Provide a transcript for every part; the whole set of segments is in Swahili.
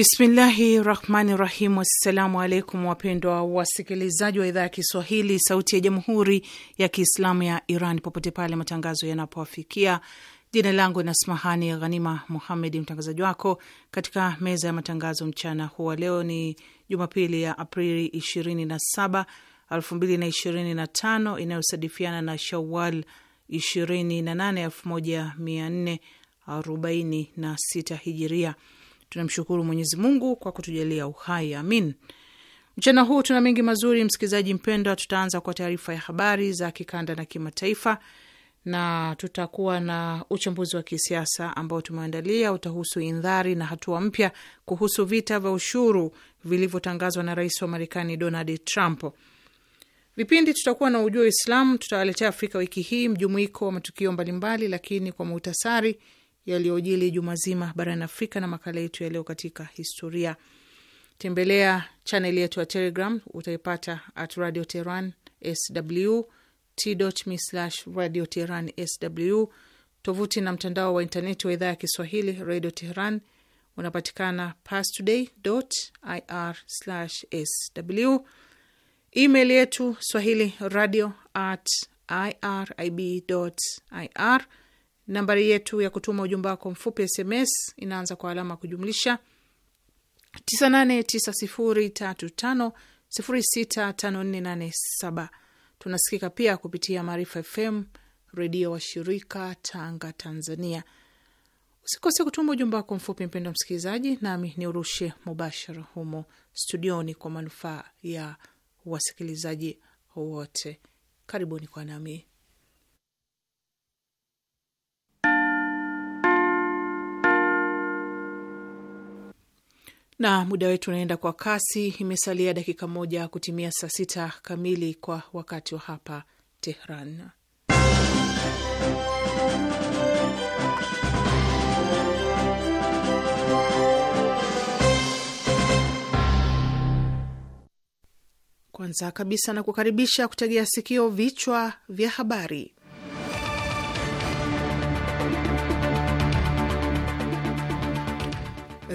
Bismillahi rahmani rahim. Assalamu alaikum wapendwa wasikilizaji wa idhaa ya Kiswahili sauti ya jamhuri ya Kiislamu ya Iran popote pale matangazo yanapowafikia. Jina langu ni Asmahani Ghanima Muhamedi, mtangazaji wako katika meza ya matangazo mchana huwa. Leo ni Jumapili ya Aprili 27, 2025 inayosadifiana na Shawal 28, 1446 hijiria Tunamshukuru Mwenyezi Mungu kwa kutujalia uhai, amin. Mchana huu tuna mengi mazuri, msikilizaji mpendwa. Tutaanza kwa taarifa ya habari za kikanda na kimataifa, na tutakuwa na uchambuzi wa kisiasa ambao tumeandalia utahusu indhari na hatua mpya kuhusu vita vya ushuru vilivyotangazwa na rais wa Marekani Donald Trump. Vipindi tutakuwa na ujua Uislamu, tutawaletea Afrika wiki hii mjumuiko wa matukio mbalimbali, lakini kwa muhtasari yaliyojili juma zima barani Afrika na makala yetu yaliyo katika historia. Tembelea chaneli yetu ya Telegram, utaipata at Radio tehran sw t.me slash Radio Teheran sw. Tovuti na mtandao wa intaneti wa idhaa ya Kiswahili Radio Teheran unapatikana pastoday ir sw. Email yetu swahili radio at irib ir Nambari yetu ya kutuma ujumbe wako mfupi SMS inaanza kwa alama kujumlisha 989035065487. Tunasikika pia kupitia Maarifa FM redio wa shirika Tanga, Tanzania. Usikose kutuma ujumbe wako mfupi, mpendo msikilizaji, nami ni urushe mubashara humo studioni kwa manufaa ya wasikilizaji wote. Karibuni kwa nami na muda wetu unaenda kwa kasi. Imesalia dakika moja kutimia saa sita kamili kwa wakati wa hapa Tehran. Kwanza kabisa na kukaribisha kutegea sikio vichwa vya habari.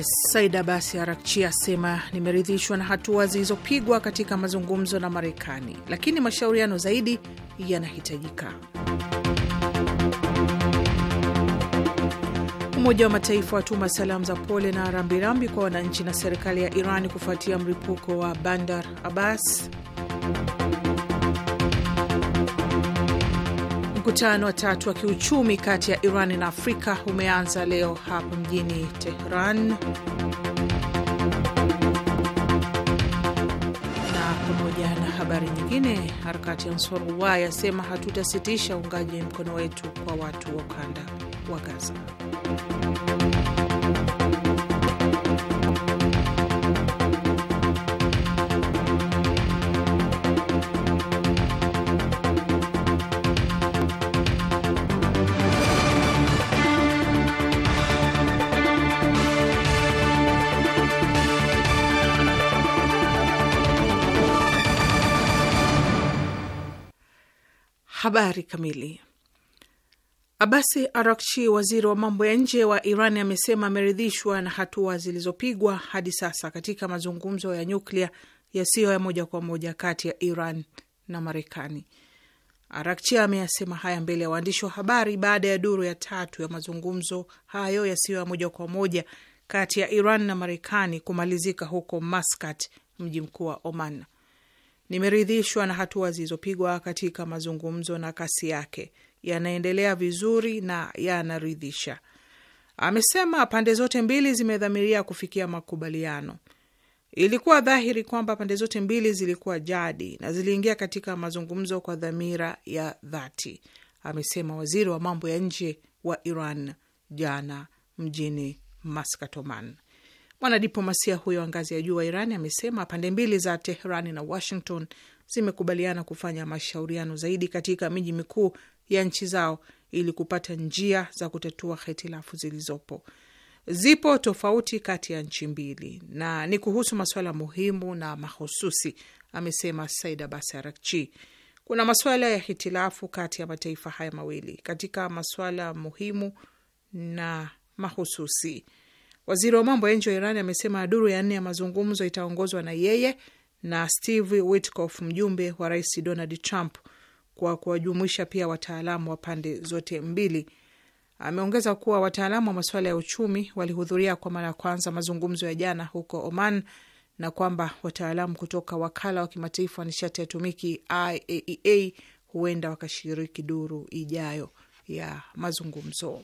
Said Abasi Arakchi asema nimeridhishwa na hatua zilizopigwa katika mazungumzo na Marekani, lakini mashauriano zaidi yanahitajika. Umoja wa Mataifa watuma salamu za pole na rambirambi kwa wananchi na serikali ya Iran kufuatia mlipuko wa Bandar Abbas. Mkutano wa tatu wa kiuchumi kati ya Iran na Afrika umeanza leo hapa mjini Tehran na pamoja na habari nyingine. Harakati ya Ansarullah yasema hatutasitisha uungaji mkono wetu kwa watu wa ukanda wa Gaza. Habari kamili. Abasi Arakchi, waziri wa mambo ya nje wa Iran, amesema ameridhishwa na hatua zilizopigwa hadi sasa katika mazungumzo ya nyuklia yasiyo ya moja kwa moja kati ya Iran na Marekani. Arakchi ameyasema haya mbele ya waandishi wa habari baada ya duru ya tatu ya mazungumzo hayo yasiyo ya moja kwa moja kati ya Iran na Marekani kumalizika huko Maskat, mji mkuu wa Oman. Nimeridhishwa na hatua zilizopigwa katika mazungumzo na kasi yake yanaendelea vizuri na yanaridhisha, amesema. Pande zote mbili zimedhamiria kufikia makubaliano. Ilikuwa dhahiri kwamba pande zote mbili zilikuwa jadi na ziliingia katika mazungumzo kwa dhamira ya dhati, amesema waziri wa mambo ya nje wa Iran jana mjini Muscat, Mwanadiplomasia huyo wa ngazi ya juu wa Iran amesema pande mbili za tehran na Washington zimekubaliana kufanya mashauriano zaidi katika miji mikuu ya nchi zao ili kupata njia za kutatua hitilafu zilizopo. Zipo tofauti kati ya nchi mbili na ni kuhusu masuala muhimu na mahususi, amesema Said Abbas Arakchi. Kuna masuala ya hitilafu kati ya mataifa haya mawili katika masuala muhimu na mahususi. Waziri wa mambo ya nje wa Iran amesema duru ya nne ya mazungumzo itaongozwa na yeye na Steve Witkoff, mjumbe wa Rais Donald Trump, kwa kuwajumuisha pia wataalamu wa pande zote mbili. Ameongeza kuwa wataalamu wa masuala ya uchumi walihudhuria kwa mara ya kwanza mazungumzo ya jana huko Oman na kwamba wataalamu kutoka wakala wa kimataifa wa nishati ya atomiki IAEA e huenda wakashiriki duru ijayo ya mazungumzo.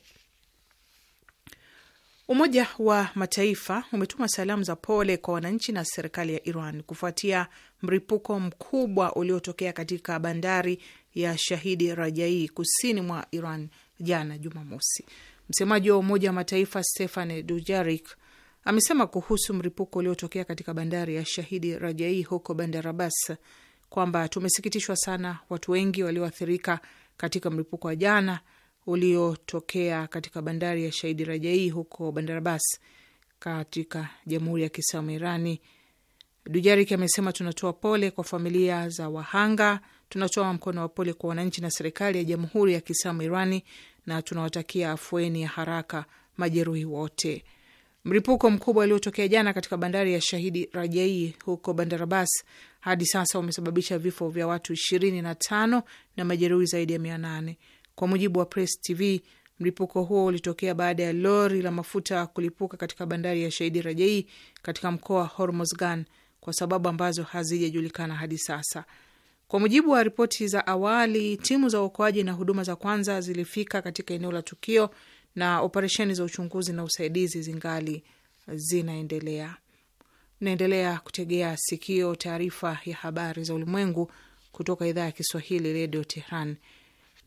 Umoja wa Mataifa umetuma salamu za pole kwa wananchi na serikali ya Iran kufuatia mripuko mkubwa uliotokea katika bandari ya Shahidi Rajai kusini mwa Iran jana Jumamosi. Msemaji wa Umoja wa Mataifa Stefan Dujarik amesema kuhusu mripuko uliotokea katika bandari ya Shahidi Rajai huko Bandar Abbas kwamba tumesikitishwa sana, watu wengi walioathirika katika mlipuko wa jana uliotokea katika bandari ya Shahidi Rajai huko Bandarabas katika Jamhuri ya Kiislamu Irani. Dujarik amesema tunatoa pole kwa familia za wahanga, tunatoa mkono wa pole kwa wananchi na serikali ya Jamhuri ya Kiislamu Irani na tunawatakia afueni ya haraka majeruhi wote. Mlipuko mkubwa uliotokea jana katika bandari ya Shahidi Rajai huko Bandarabas hadi sasa umesababisha vifo vya watu ishirini na tano na majeruhi zaidi ya mia nane. Kwa mujibu wa Press TV, mlipuko huo ulitokea baada ya lori la mafuta kulipuka katika bandari ya Shahidi Rajai katika mkoa wa Hormozgan kwa sababu ambazo hazijajulikana hadi sasa. Kwa mujibu wa ripoti za awali, timu za uokoaji na huduma za kwanza zilifika katika eneo la tukio na operesheni za uchunguzi na usaidizi zingali zinaendelea. Naendelea kutegea sikio taarifa ya habari za ulimwengu kutoka idhaa ya Kiswahili, Redio Tehran.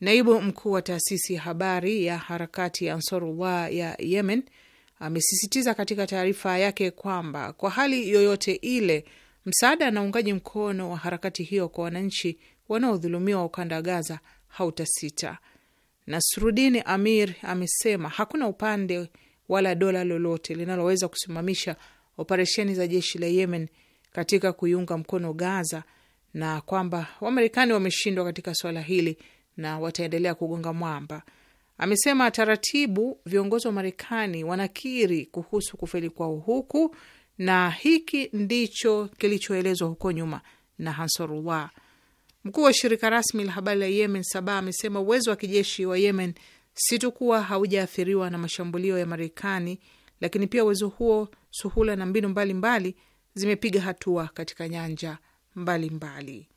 Naibu mkuu wa taasisi ya habari ya harakati ya Ansarullah ya Yemen amesisitiza katika taarifa yake kwamba kwa hali yoyote ile msaada na uungaji mkono wa harakati hiyo kwa wananchi wanaodhulumiwa ukanda wa Gaza hautasita. Nasrudini Amir amesema hakuna upande wala dola lolote linaloweza kusimamisha operesheni za jeshi la Yemen katika kuiunga mkono Gaza na kwamba Wamarekani wameshindwa katika swala hili na wataendelea kugonga mwamba. Amesema taratibu viongozi wa Marekani wanakiri kuhusu kufeli kwao huku, na hiki ndicho kilichoelezwa huko nyuma na Hansorullah. Mkuu wa shirika rasmi la habari la Yemen Saba amesema uwezo wa kijeshi wa Yemen si tu kuwa haujaathiriwa na mashambulio ya Marekani, lakini pia uwezo huo, suhula na mbinu mbalimbali zimepiga hatua katika nyanja mbalimbali mbali.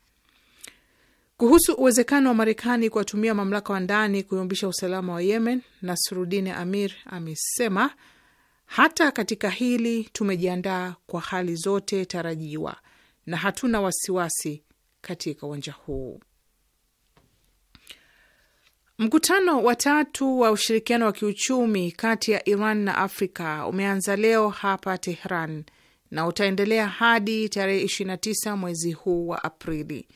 Kuhusu uwezekano wa Marekani kuwatumia mamlaka wa ndani kuyumbisha usalama wa Yemen, Nasrudin Amir amesema hata katika hili tumejiandaa kwa hali zote tarajiwa na hatuna wasiwasi katika uwanja huu. Mkutano wa tatu wa ushirikiano wa kiuchumi kati ya Iran na Afrika umeanza leo hapa Tehran na utaendelea hadi tarehe 29 mwezi huu wa Aprili.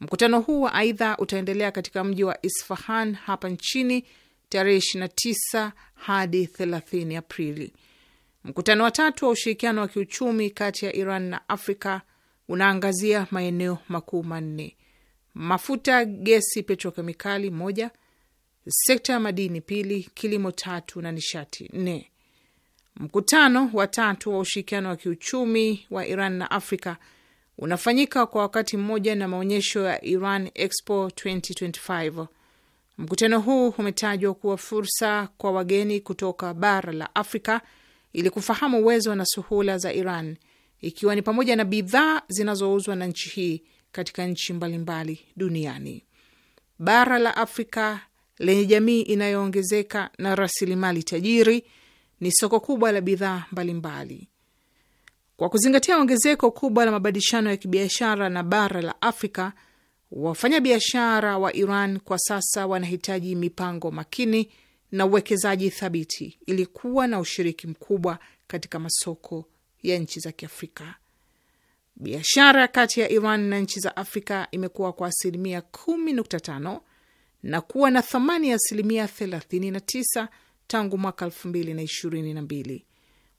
Mkutano huu wa aidha utaendelea katika mji wa Isfahan hapa nchini tarehe 29 hadi 30 Aprili. Mkutano wa tatu wa ushirikiano wa kiuchumi kati ya Iran na Afrika unaangazia maeneo makuu manne: mafuta, gesi, petrokemikali moja, sekta ya madini pili, kilimo tatu na nishati nne. Mkutano wa tatu wa ushirikiano wa kiuchumi wa Iran na Afrika unafanyika kwa wakati mmoja na maonyesho ya Iran Expo 2025. Mkutano huu umetajwa kuwa fursa kwa wageni kutoka bara la Afrika ili kufahamu uwezo na suhula za Iran, ikiwa ni pamoja na bidhaa zinazouzwa na nchi hii katika nchi mbalimbali duniani. Bara la Afrika lenye jamii inayoongezeka na rasilimali tajiri ni soko kubwa la bidhaa mbalimbali. Kwa kuzingatia ongezeko kubwa la mabadilishano ya kibiashara na bara la Afrika, wafanyabiashara wa Iran kwa sasa wanahitaji mipango makini na uwekezaji thabiti ili kuwa na ushiriki mkubwa katika masoko ya nchi za Kiafrika. Biashara kati ya Iran na nchi za Afrika imekuwa kwa asilimia 10.5 na kuwa na thamani ya asilimia 39 tangu mwaka 2022.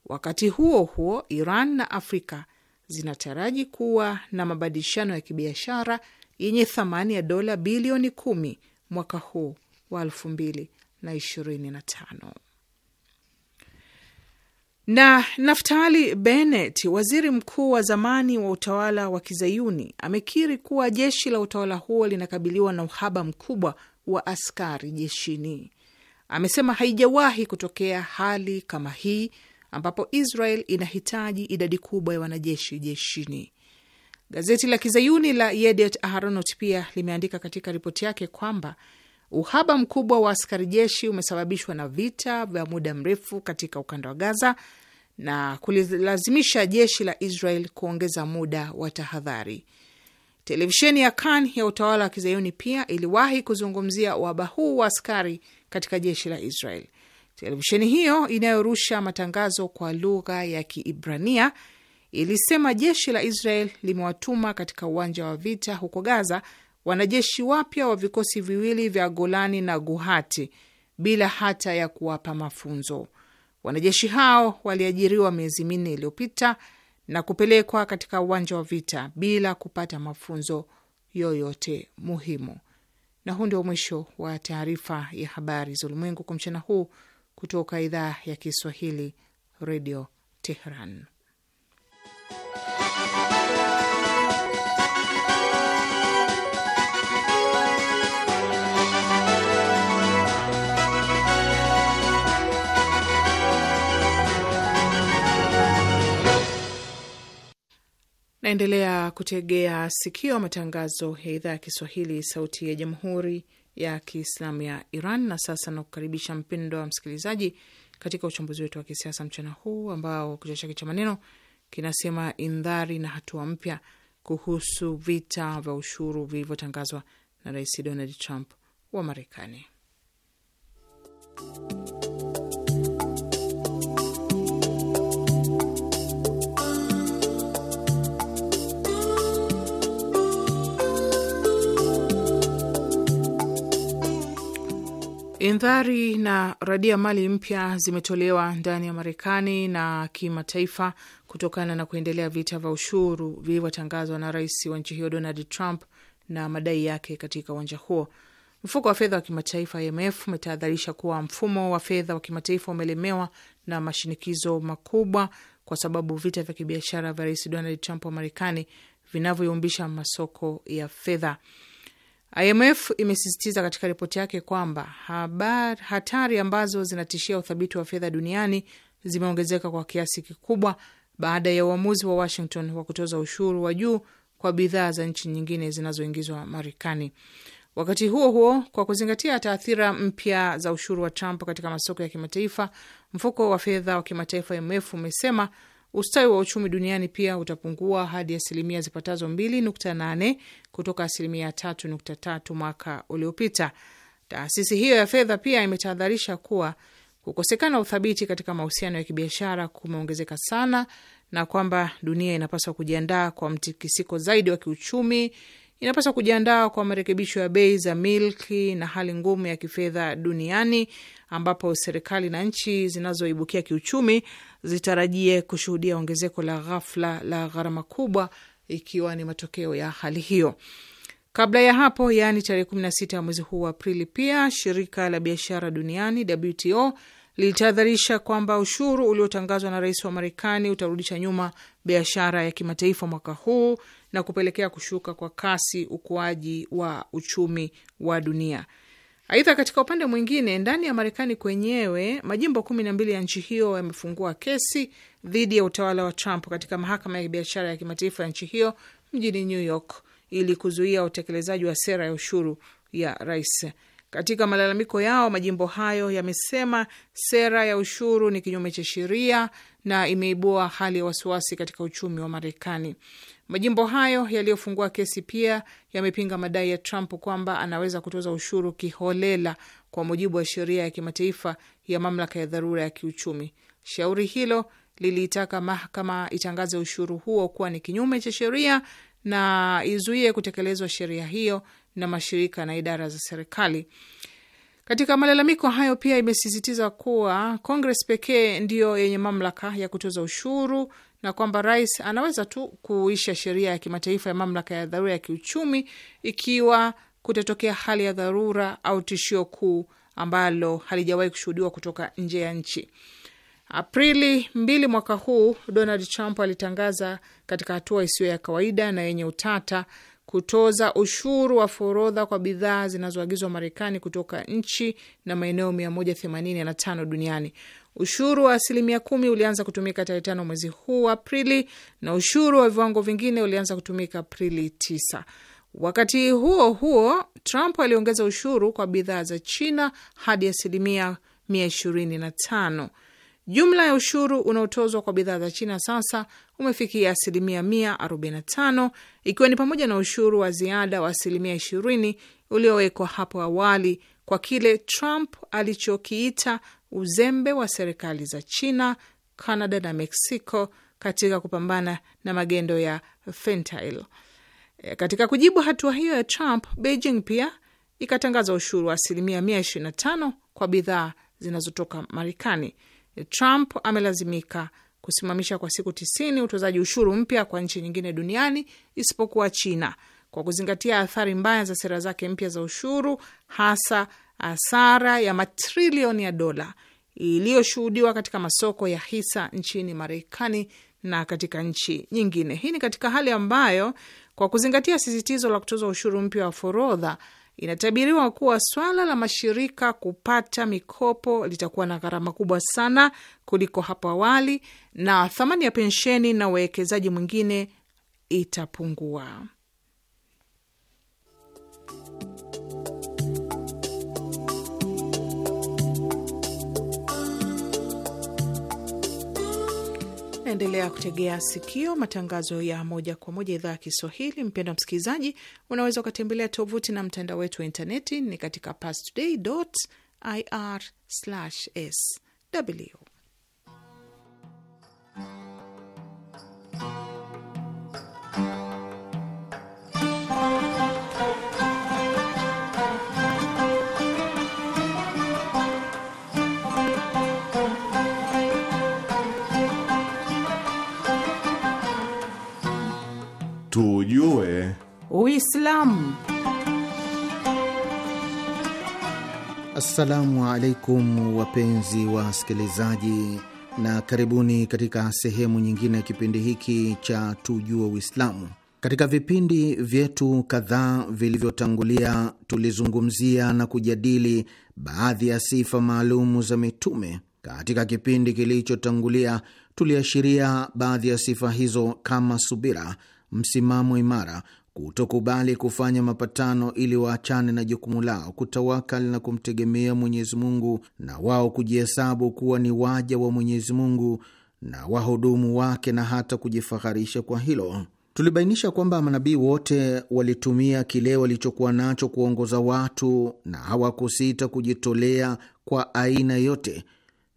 Wakati huo huo, Iran na Afrika zinataraji kuwa na mabadilishano ya kibiashara yenye thamani ya dola bilioni kumi mwaka huu wa elfu mbili na ishirini na tano. Na Naftali Bennett, waziri mkuu wa zamani wa utawala wa Kizayuni, amekiri kuwa jeshi la utawala huo linakabiliwa na uhaba mkubwa wa askari jeshini. Amesema haijawahi kutokea hali kama hii ambapo Israel inahitaji idadi kubwa ya wanajeshi jeshini. Gazeti la kizayuni la Yediot Aharonot pia limeandika katika ripoti yake kwamba uhaba mkubwa wa askari jeshi umesababishwa na vita vya muda mrefu katika ukanda wa Gaza na kulilazimisha jeshi la Israel kuongeza muda wa tahadhari. Televisheni ya Kan ya utawala wa kizayuni pia iliwahi kuzungumzia uhaba huu wa askari katika jeshi la Israel. Televisheni hiyo inayorusha matangazo kwa lugha ya Kiibrania ilisema jeshi la Israel limewatuma katika uwanja wa vita huko Gaza wanajeshi wapya wa vikosi viwili vya Golani na Guhati bila hata ya kuwapa mafunzo. Wanajeshi hao waliajiriwa miezi minne iliyopita na kupelekwa katika uwanja wa vita bila kupata mafunzo yoyote muhimu. Na huu ndio mwisho wa taarifa ya habari za ulimwengu kwa mchana huu kutoka idhaa ya Kiswahili Redio Tehran. Naendelea kutegea sikio matangazo ya idhaa ya Kiswahili, sauti ya jamhuri ya Kiislamu ya Iran. Na sasa nakukaribisha mpendo wa msikilizaji katika uchambuzi wetu wa kisiasa mchana huu ambao kichwa chake cha maneno kinasema indhari na hatua mpya kuhusu vita vya ushuru vilivyotangazwa na Rais Donald Trump wa Marekani. Indhari na radia mali mpya zimetolewa ndani ya Marekani na kimataifa kutokana na kuendelea vita vya ushuru vilivyotangazwa na rais wa nchi hiyo Donald Trump na madai yake katika uwanja huo. Mfuko wa fedha wa kimataifa IMF umetahadharisha kuwa mfumo wa fedha wa kimataifa umelemewa na mashinikizo makubwa kwa sababu vita vya kibiashara vya rais Donald Trump wa Marekani vinavyoumbisha masoko ya fedha. IMF imesisitiza katika ripoti yake kwamba habari hatari ambazo zinatishia uthabiti wa fedha duniani zimeongezeka kwa kiasi kikubwa baada ya uamuzi wa Washington wa kutoza ushuru wa juu kwa bidhaa za nchi nyingine zinazoingizwa Marekani. Wakati huo huo, kwa kuzingatia taathira mpya za ushuru wa Trump katika masoko ya kimataifa, mfuko wa fedha wa kimataifa IMF umesema Ustawi wa uchumi duniani pia utapungua hadi asilimia zipatazo 2.8 kutoka asilimia 3.3 mwaka uliopita. Taasisi hiyo ya fedha pia imetahadharisha kuwa kukosekana uthabiti katika mahusiano ya kibiashara kumeongezeka sana na kwamba dunia inapaswa kujiandaa kwa mtikisiko zaidi wa kiuchumi inapaswa kujiandaa kwa marekebisho ya bei za milki na hali ngumu ya kifedha duniani ambapo serikali na nchi zinazoibukia kiuchumi zitarajie kushuhudia ongezeko la ghafla la gharama kubwa ikiwa ni matokeo ya hali hiyo. Kabla ya hapo, yaani tarehe 16 ya mwezi huu wa Aprili, pia shirika la biashara duniani WTO lilitahadharisha kwamba ushuru uliotangazwa na rais wa Marekani utarudisha nyuma biashara ya kimataifa mwaka huu na kupelekea kushuka kwa kasi ukuaji wa uchumi wa dunia. Aidha, katika upande mwingine, ndani ya Marekani kwenyewe majimbo kumi na mbili ya nchi hiyo yamefungua kesi dhidi ya utawala wa Trump katika mahakama ya biashara ya kimataifa ya nchi hiyo mjini New York ili kuzuia utekelezaji wa sera ya ushuru ya rais. Katika malalamiko yao, majimbo hayo yamesema sera ya ushuru ni kinyume cha sheria na imeibua hali ya wasiwasi katika uchumi wa Marekani. Majimbo hayo yaliyofungua kesi pia yamepinga madai ya Trump kwamba anaweza kutoza ushuru kiholela kwa mujibu wa sheria ya kimataifa ya mamlaka ya dharura ya kiuchumi. Shauri hilo liliitaka mahakama itangaze ushuru huo kuwa ni kinyume cha sheria na izuie kutekelezwa sheria hiyo na mashirika na idara za serikali. Katika malalamiko hayo pia imesisitiza kuwa Kongres pekee ndiyo yenye mamlaka ya kutoza ushuru na kwamba rais anaweza tu kuisha sheria ya kimataifa ya mamlaka ya dharura ya kiuchumi ikiwa kutatokea hali ya dharura au tishio kuu ambalo halijawahi kushuhudiwa kutoka nje ya nchi. Aprili mbili mwaka huu Donald Trump alitangaza katika hatua isiyo ya kawaida na yenye utata kutoza ushuru wa forodha kwa bidhaa zinazoagizwa Marekani kutoka nchi na maeneo 185 duniani. Ushuru wa asilimia kumi ulianza kutumika tarehe tano mwezi huu wa Aprili, na ushuru wa viwango vingine ulianza kutumika Aprili tisa. Wakati huo huo, Trump aliongeza ushuru kwa bidhaa za China hadi asilimia mia ishirini na tano. Jumla ya ushuru unaotozwa kwa bidhaa za China sasa umefikia asilimia mia arobaini na tano ikiwa ni pamoja na ushuru wa ziada wa asilimia ishirini uliowekwa hapo awali kwa kile Trump alichokiita uzembe wa serikali za China, Canada na Mexico katika kupambana na magendo ya fentanyl. E, katika kujibu hatua hiyo ya Trump, Beijing pia ikatangaza ushuru wa asilimia 125 kwa bidhaa zinazotoka Marekani. E, Trump amelazimika kusimamisha kwa siku tisini utozaji ushuru mpya kwa nchi nyingine duniani isipokuwa China kwa kuzingatia athari mbaya za sera zake mpya za ushuru, hasa hasara uh, ya matrilioni ya dola iliyoshuhudiwa katika masoko ya hisa nchini Marekani na katika nchi nyingine. Hii ni katika hali ambayo, kwa kuzingatia sisitizo la kutoza ushuru mpya wa forodha, inatabiriwa kuwa swala la mashirika kupata mikopo litakuwa na gharama kubwa sana kuliko hapo awali, na thamani ya pensheni na uwekezaji mwingine itapungua. Endelea kutegea sikio matangazo ya moja kwa moja idhaa ya Kiswahili. Mpendwa msikilizaji, unaweza ukatembelea tovuti na mtandao wetu wa intaneti ni katika pastoday.ir/sw. tujue Uislamu. Assalamu alaikum wapenzi wa wasikilizaji, na karibuni katika sehemu nyingine ya kipindi hiki cha tujue Uislamu. Katika vipindi vyetu kadhaa vilivyotangulia, tulizungumzia na kujadili baadhi ya sifa maalumu za mitume. Katika kipindi kilichotangulia, tuliashiria baadhi ya sifa hizo kama subira msimamo imara, kutokubali kufanya mapatano ili waachane na jukumu lao, kutawakali na kumtegemea Mwenyezi Mungu, na wao kujihesabu kuwa ni waja wa Mwenyezi Mungu na wahudumu wake na hata kujifaharisha kwa hilo. Tulibainisha kwamba manabii wote walitumia kile walichokuwa nacho kuongoza watu na hawakusita kujitolea kwa aina yote,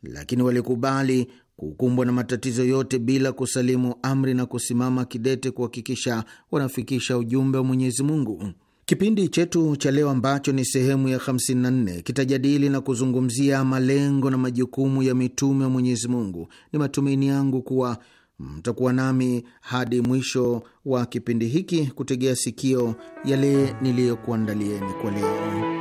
lakini walikubali kukumbwa na matatizo yote bila kusalimu amri na kusimama kidete kuhakikisha wanafikisha ujumbe wa Mwenyezi Mungu. Kipindi chetu cha leo ambacho ni sehemu ya 54 kitajadili na kuzungumzia malengo na majukumu ya mitume wa Mwenyezi Mungu. Ni matumaini yangu kuwa mtakuwa nami hadi mwisho wa kipindi hiki kutegea sikio yale niliyokuandalieni kwa leo.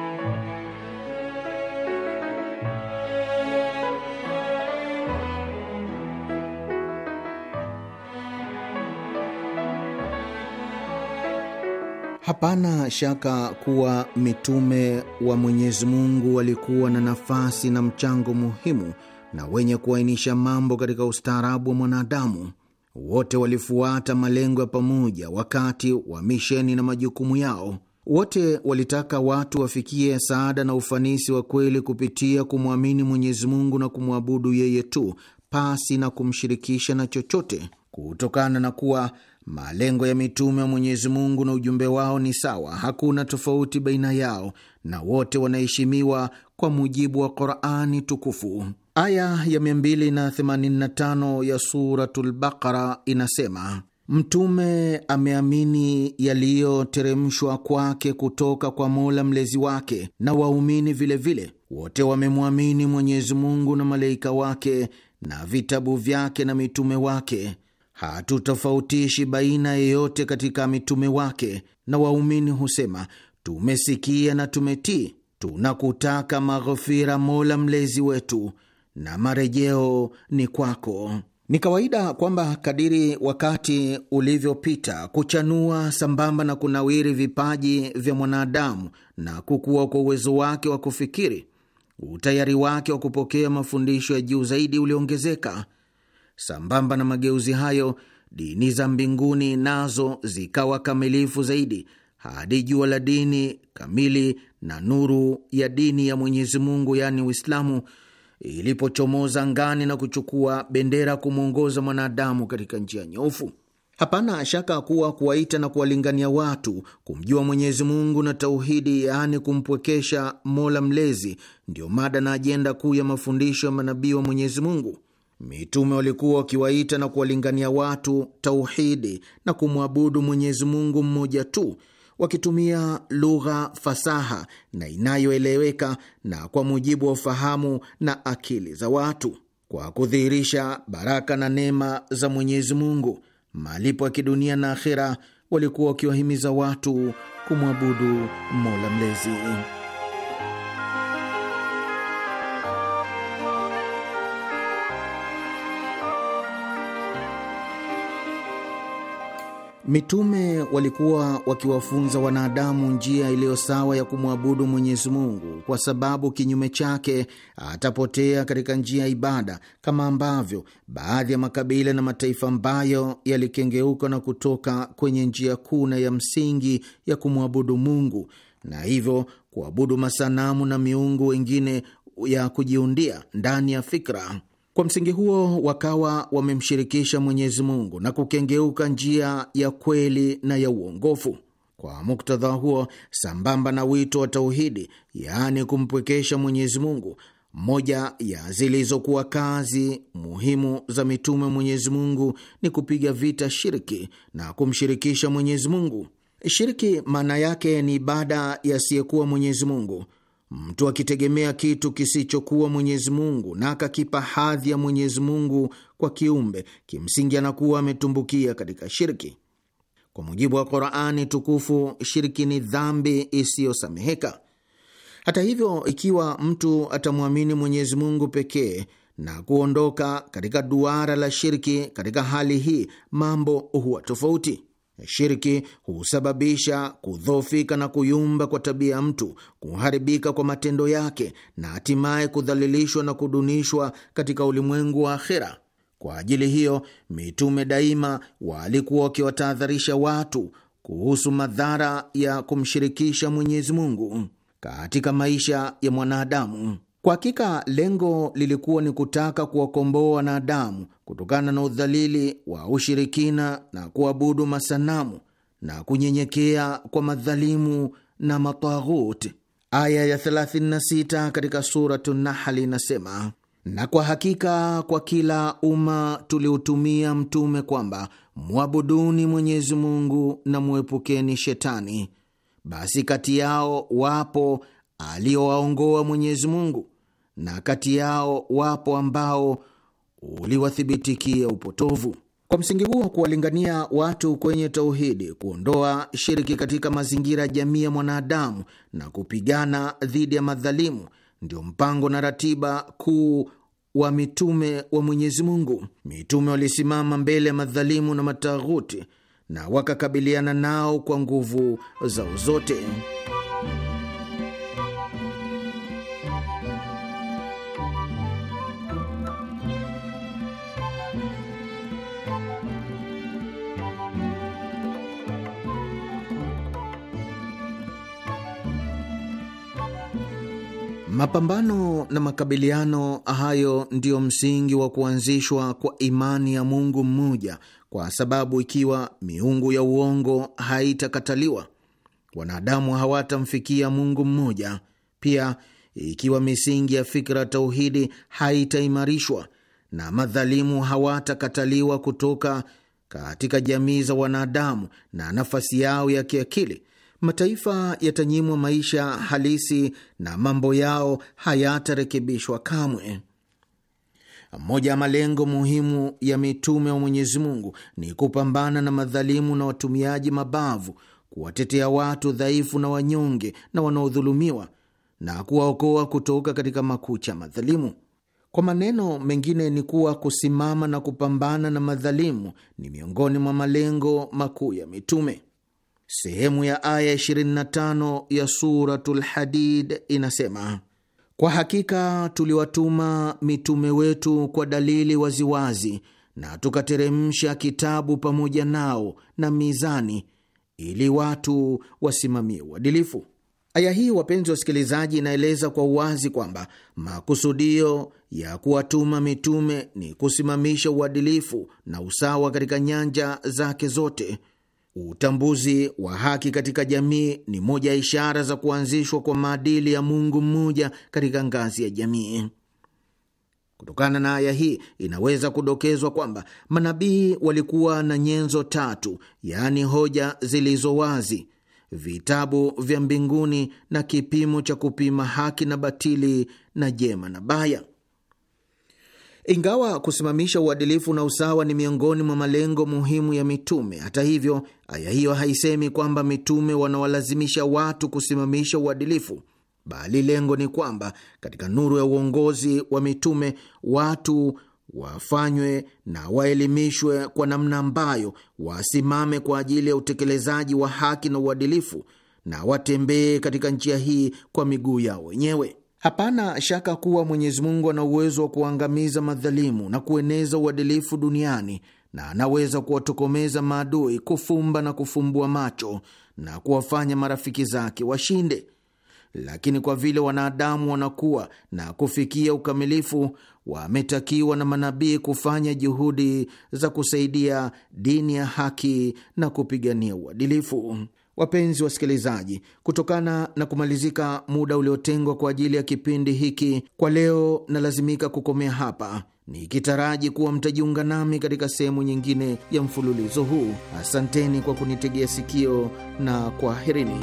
Hapana shaka kuwa mitume wa Mwenyezi Mungu walikuwa na nafasi na mchango muhimu na wenye kuainisha mambo katika ustaarabu wa mwanadamu. Wote walifuata malengo ya pamoja wakati wa misheni na majukumu yao. Wote walitaka watu wafikie saada na ufanisi wa kweli kupitia kumwamini Mwenyezi Mungu na kumwabudu yeye tu pasi na kumshirikisha na chochote, kutokana na kuwa Malengo ya mitume wa Mwenyezi Mungu na ujumbe wao ni sawa, hakuna tofauti baina yao, na wote wanaheshimiwa kwa mujibu wa Qurani Tukufu. Aya ya 285 ya Suratul Baqara inasema Mtume ameamini yaliyoteremshwa kwake kutoka kwa Mola mlezi wake, na waumini vilevile wote wamemwamini Mwenyezi Mungu na malaika wake na vitabu vyake na mitume wake hatutofautishi baina yeyote katika mitume wake, na waumini husema tumesikia na tumetii. Tunakutaka maghfira, Mola mlezi wetu, na marejeo ni kwako. Ni kawaida kwamba kadiri wakati ulivyopita, kuchanua sambamba na kunawiri vipaji vya mwanadamu na kukua kwa uwezo wake wa kufikiri, utayari wake wa kupokea mafundisho ya juu zaidi uliongezeka. Sambamba na mageuzi hayo, dini za mbinguni nazo zikawa kamilifu zaidi hadi jua la dini kamili na nuru ya dini ya Mwenyezi Mungu, yaani Uislamu, ilipochomoza ngani na kuchukua bendera kumwongoza mwanadamu katika njia nyofu. Hapana shaka kuwa kuwaita na kuwalingania watu kumjua Mwenyezi Mungu na tauhidi, yaani kumpwekesha Mola Mlezi, ndiyo mada na ajenda kuu ya mafundisho ya manabii wa Mwenyezi Mungu. Mitume walikuwa wakiwaita na kuwalingania watu tauhidi na kumwabudu Mwenyezi Mungu mmoja tu, wakitumia lugha fasaha na inayoeleweka na kwa mujibu wa ufahamu na akili za watu, kwa kudhihirisha baraka na neema za Mwenyezi Mungu, malipo ya kidunia na akhira Walikuwa wakiwahimiza watu kumwabudu Mola Mlezi. Mitume walikuwa wakiwafunza wanadamu njia iliyo sawa ya kumwabudu Mwenyezi Mungu, kwa sababu kinyume chake atapotea katika njia ya ibada, kama ambavyo baadhi ya makabila na mataifa ambayo yalikengeuka na kutoka kwenye njia kuu na ya msingi ya kumwabudu Mungu, na hivyo kuabudu masanamu na miungu wengine ya kujiundia ndani ya fikra. Kwa msingi huo wakawa wamemshirikisha Mwenyezi Mungu na kukengeuka njia ya kweli na ya uongofu. Kwa muktadha huo, sambamba na wito wa tauhidi, yaani kumpwekesha Mwenyezi Mungu, moja ya zilizokuwa kazi muhimu za mitume wa Mwenyezi Mungu ni kupiga vita shirki na kumshirikisha Mwenyezi Mungu. Shirki maana yake ni ibada yasiyekuwa Mwenyezi Mungu Mtu akitegemea kitu kisichokuwa Mwenyezi Mungu na akakipa hadhi ya Mwenyezi Mungu kwa kiumbe, kimsingi anakuwa ametumbukia katika shirki. Kwa mujibu wa Qurani Tukufu, shirki ni dhambi isiyosameheka. Hata hivyo, ikiwa mtu atamwamini Mwenyezi Mungu pekee na kuondoka katika duara la shirki, katika hali hii mambo huwa tofauti. Shirki husababisha kudhoofika na kuyumba kwa tabia ya mtu, kuharibika kwa matendo yake, na hatimaye kudhalilishwa na kudunishwa katika ulimwengu wa akhera. Kwa ajili hiyo, mitume daima walikuwa wakiwatahadharisha watu kuhusu madhara ya kumshirikisha Mwenyezi Mungu katika maisha ya mwanadamu. Kwa hakika lengo lilikuwa ni kutaka kuwakomboa wanadamu kutokana na udhalili wa ushirikina na kuabudu masanamu na kunyenyekea kwa madhalimu na mataghuti. Aya ya 36 katika Suratu Nahali inasema na kwa hakika kwa kila umma tuliutumia mtume kwamba mwabuduni Mwenyezi Mungu na mwepukeni shetani, basi kati yao wapo aliyowaongoa Mwenyezi Mungu, na kati yao wapo ambao uliwathibitikia upotovu. Kwa msingi huo, kuwalingania watu kwenye tauhidi, kuondoa shiriki katika mazingira ya jamii ya mwanadamu na kupigana dhidi ya madhalimu ndio mpango na ratiba kuu wa mitume wa Mwenyezi Mungu. Mitume walisimama mbele ya madhalimu na mataghuti na wakakabiliana nao kwa nguvu zao zote. Mapambano na makabiliano hayo ndiyo msingi wa kuanzishwa kwa imani ya Mungu mmoja, kwa sababu ikiwa miungu ya uongo haitakataliwa, wanadamu hawatamfikia Mungu mmoja. Pia ikiwa misingi ya fikra tauhidi haitaimarishwa na madhalimu hawatakataliwa kutoka katika jamii za wanadamu na nafasi yao ya kiakili mataifa yatanyimwa maisha halisi na mambo yao hayatarekebishwa kamwe. Moja ya malengo muhimu ya mitume wa Mwenyezi Mungu ni kupambana na madhalimu na watumiaji mabavu, kuwatetea watu dhaifu na wanyonge na wanaodhulumiwa, na kuwaokoa kutoka katika makucha madhalimu. Kwa maneno mengine ni kuwa kusimama na kupambana na madhalimu ni miongoni mwa malengo makuu ya mitume. Sehemu ya aya 25 ya Suratul Hadid inasema kwa hakika tuliwatuma mitume wetu kwa dalili waziwazi na tukateremsha kitabu pamoja nao na mizani ili watu wasimamie uadilifu. Aya hii, wapenzi wasikilizaji, inaeleza kwa uwazi kwamba makusudio ya kuwatuma mitume ni kusimamisha uadilifu na usawa katika nyanja zake zote Utambuzi wa haki katika jamii ni moja ya ishara za kuanzishwa kwa maadili ya Mungu mmoja katika ngazi ya jamii. Kutokana na aya hii inaweza kudokezwa kwamba manabii walikuwa na nyenzo tatu, yaani hoja zilizo wazi, vitabu vya mbinguni na kipimo cha kupima haki na batili na jema na baya. Ingawa kusimamisha uadilifu na usawa ni miongoni mwa malengo muhimu ya mitume, hata hivyo, aya hiyo haisemi kwamba mitume wanawalazimisha watu kusimamisha uadilifu, bali lengo ni kwamba katika nuru ya uongozi wa mitume watu wafanywe na waelimishwe kwa namna ambayo wasimame kwa ajili ya utekelezaji wa haki na uadilifu na watembee katika njia hii kwa miguu yao wenyewe. Hapana shaka kuwa Mwenyezi Mungu ana uwezo wa kuangamiza madhalimu na kueneza uadilifu duniani na anaweza kuwatokomeza maadui, kufumba na kufumbua macho na kuwafanya marafiki zake washinde. Lakini kwa vile wanadamu wanakuwa na kufikia ukamilifu, wametakiwa na manabii kufanya juhudi za kusaidia dini ya haki na kupigania uadilifu. Wapenzi wasikilizaji, kutokana na kumalizika muda uliotengwa kwa ajili ya kipindi hiki kwa leo, nalazimika kukomea hapa nikitaraji kuwa mtajiunga nami katika sehemu nyingine ya mfululizo huu. Asanteni kwa kunitegea sikio na kwaherini.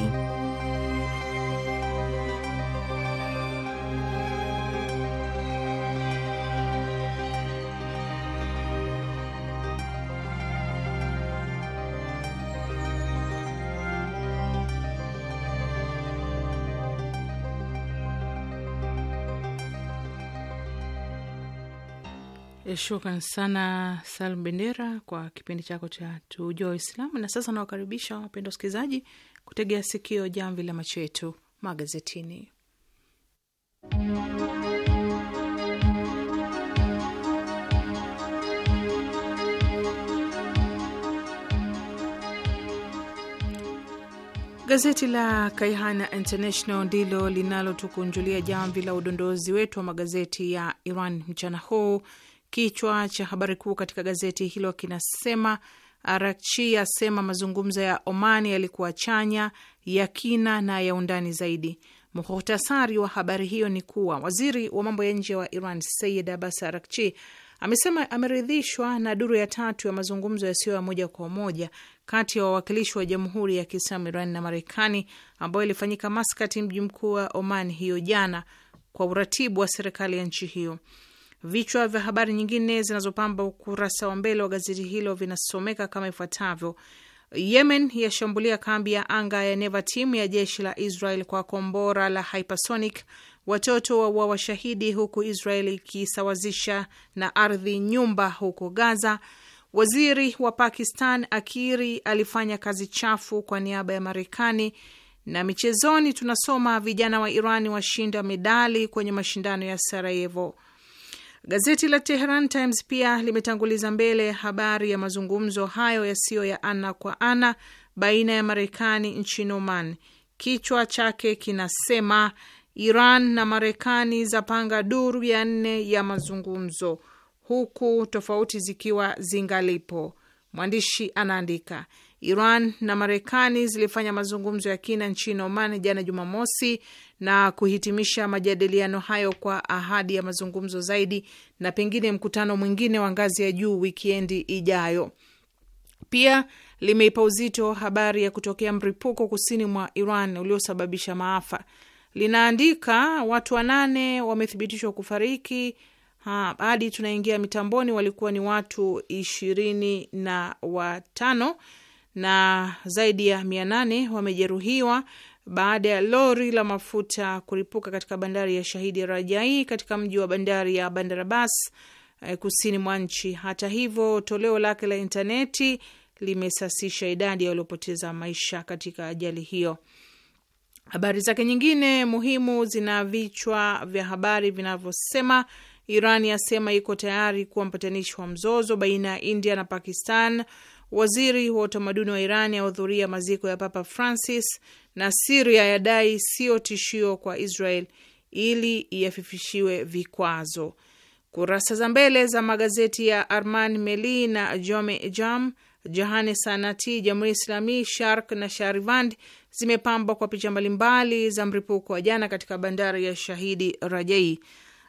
Shukran sana salm Bendera kwa kipindi chako cha Tujua Uislamu. Na sasa nawakaribisha wapendwa wasikilizaji kutegea sikio jamvi la macho yetu magazetini. Gazeti la Kaihana International ndilo linalotukunjulia jamvi la udondozi wetu wa magazeti ya Iran mchana huu Kichwa cha habari kuu katika gazeti hilo kinasema Arakchi asema mazungumzo ya Omani yalikuwa chanya ya kina na ya undani zaidi. Muhtasari wa habari hiyo ni kuwa waziri wa mambo ya nje wa Iran Sayid Abbas Arakchi amesema ameridhishwa na duru ya tatu ya mazungumzo yasiyo ya moja kwa moja kati ya wawakilishi wa Jamhuri ya Kiislamu Iran na Marekani ambayo ilifanyika Maskati, mji mkuu wa Oman, hiyo jana kwa uratibu wa serikali ya nchi hiyo. Vichwa vya habari nyingine zinazopamba ukurasa wa mbele wa gazeti hilo vinasomeka kama ifuatavyo: Yemen yashambulia kambi ya anga ya neva Nevatim ya jeshi la Israel kwa kombora la hypersonic. Watoto wa washahidi huku Israel ikisawazisha na ardhi nyumba huko Gaza. Waziri wa Pakistan akiri alifanya kazi chafu kwa niaba ya Marekani. Na michezoni, tunasoma vijana wa Iran washinda medali kwenye mashindano ya Sarajevo. Gazeti la Teheran Times pia limetanguliza mbele habari ya mazungumzo hayo yasiyo ya ana kwa ana baina ya Marekani nchini Oman. Kichwa chake kinasema Iran na Marekani zapanga duru ya nne ya mazungumzo, huku tofauti zikiwa zingalipo. Mwandishi anaandika Iran na Marekani zilifanya mazungumzo ya kina nchini Oman jana Jumamosi na kuhitimisha majadiliano hayo kwa ahadi ya mazungumzo zaidi na pengine mkutano mwingine wa ngazi ya juu wikiendi ijayo. Pia limeipa uzito habari ya kutokea mripuko kusini mwa Iran uliosababisha maafa. Linaandika watu wanane wamethibitishwa kufariki hadi tunaingia mitamboni, walikuwa ni watu ishirini na watano na zaidi ya mia nane wamejeruhiwa baada ya lori la mafuta kuripuka katika bandari ya Shahidi Rajai katika mji wa bandari ya bandarabas eh, kusini mwa nchi. Hata hivyo, toleo lake la intaneti limesasisha idadi ya waliopoteza maisha katika ajali hiyo. Habari zake nyingine muhimu zina vichwa vya habari vinavyosema: Iran yasema iko tayari kuwa mpatanishi wa mzozo baina ya India na Pakistan. Waziri wa utamaduni wa Iran ahudhuria maziko ya Papa Francis, na Siria yadai sio tishio kwa Israel ili iyafifishiwe vikwazo. Kurasa za mbele za magazeti ya Arman Meli na Jome Jam, Jahane Sanati, Jamhuri Islami, Shark na Sharivand zimepambwa kwa picha mbalimbali za mripuko wa jana katika bandari ya Shahidi Rajai.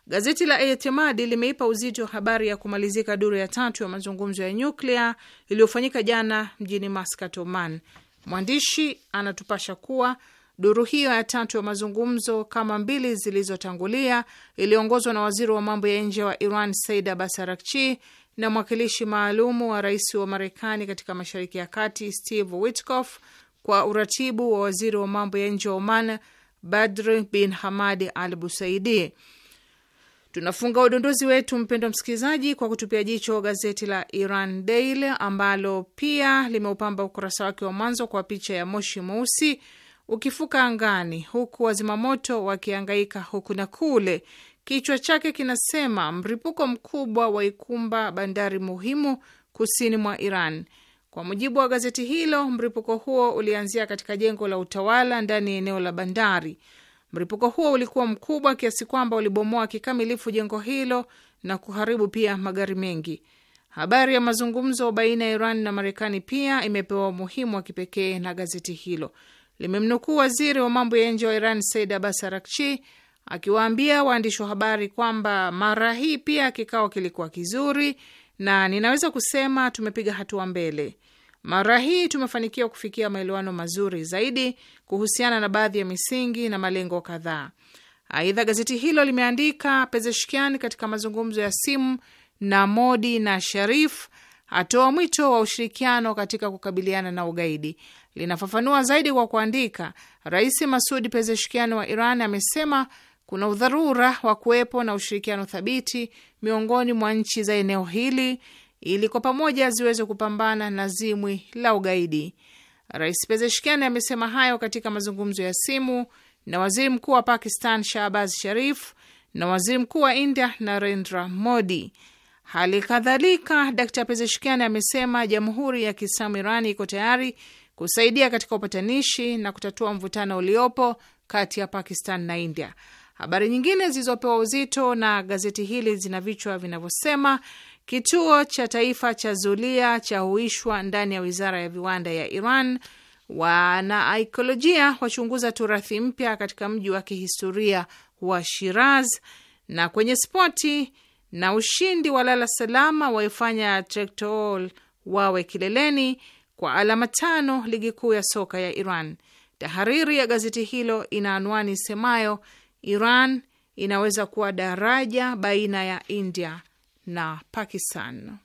Gazeti la Etemadi limeipa uzito wa habari ya kumalizika duru ya tatu ya mazungumzo ya nyuklia iliyofanyika jana mjini Maskat, Oman. Mwandishi anatupasha kuwa duru hiyo ya tatu ya mazungumzo kama mbili zilizotangulia iliongozwa na waziri wa mambo ya nje wa Iran Said Abbas na mwakilishi maalumu wa rais wa Marekani katika Mashariki ya Kati Steve Witkoff kwa uratibu wa waziri wa mambo ya nje wa Oman Badr bin Hamad Al Busaidi. Tunafunga udondozi wetu mpendwa msikilizaji, kwa kutupia jicho gazeti la Iran Daily ambalo pia limeupamba ukurasa wake wa mwanzo kwa picha ya moshi mweusi ukifuka angani, huku wazimamoto wakiangaika huku na kule. Kichwa chake kinasema mripuko mkubwa wa ikumba bandari muhimu kusini mwa Iran. Kwa mujibu wa gazeti hilo, mripuko huo ulianzia katika jengo la utawala ndani ya eneo la bandari. Mlipuko huo ulikuwa mkubwa kiasi kwamba ulibomoa kikamilifu jengo hilo na kuharibu pia magari mengi. Habari ya mazungumzo baina ya Iran na Marekani pia imepewa umuhimu wa kipekee na gazeti hilo. Limemnukuu waziri wa mambo ya nje wa Iran Said Abbas Arakchi akiwaambia waandishi wa habari kwamba mara hii pia kikao kilikuwa kizuri na ninaweza kusema tumepiga hatua mbele. Mara hii tumefanikiwa kufikia maelewano mazuri zaidi kuhusiana na baadhi ya misingi na malengo kadhaa. Aidha, gazeti hilo limeandika Pezeshkian katika mazungumzo ya simu na Modi na Sharif atoa mwito wa ushirikiano katika kukabiliana na ugaidi. Linafafanua zaidi kwa kuandika, Rais masud Pezeshkian wa Iran amesema kuna udharura wa kuwepo na ushirikiano thabiti miongoni mwa nchi za eneo hili ili kwa pamoja ziweze kupambana na zimwi la ugaidi. Rais Pezeshkian amesema hayo katika mazungumzo ya simu na waziri mkuu wa Pakistan Shahbaz Sharif na waziri mkuu wa India Narendra Modi. Hali kadhalika, Dr Pezeshkian amesema jamhuri ya Kiislamu Irani iko tayari kusaidia katika upatanishi na kutatua mvutano uliopo kati ya Pakistan na India. Habari nyingine zilizopewa uzito na gazeti hili zina vichwa vinavyosema Kituo cha taifa cha zulia cha huishwa ndani ya wizara ya viwanda ya Iran. Wanaikolojia wachunguza turathi mpya katika mji wa kihistoria wa Shiraz. Na kwenye spoti, na ushindi wa lala salama waifanya Traktor wawe kileleni kwa alama tano ligi kuu ya soka ya Iran. Tahariri ya gazeti hilo ina anwani semayo Iran inaweza kuwa daraja baina ya India na Pakistan.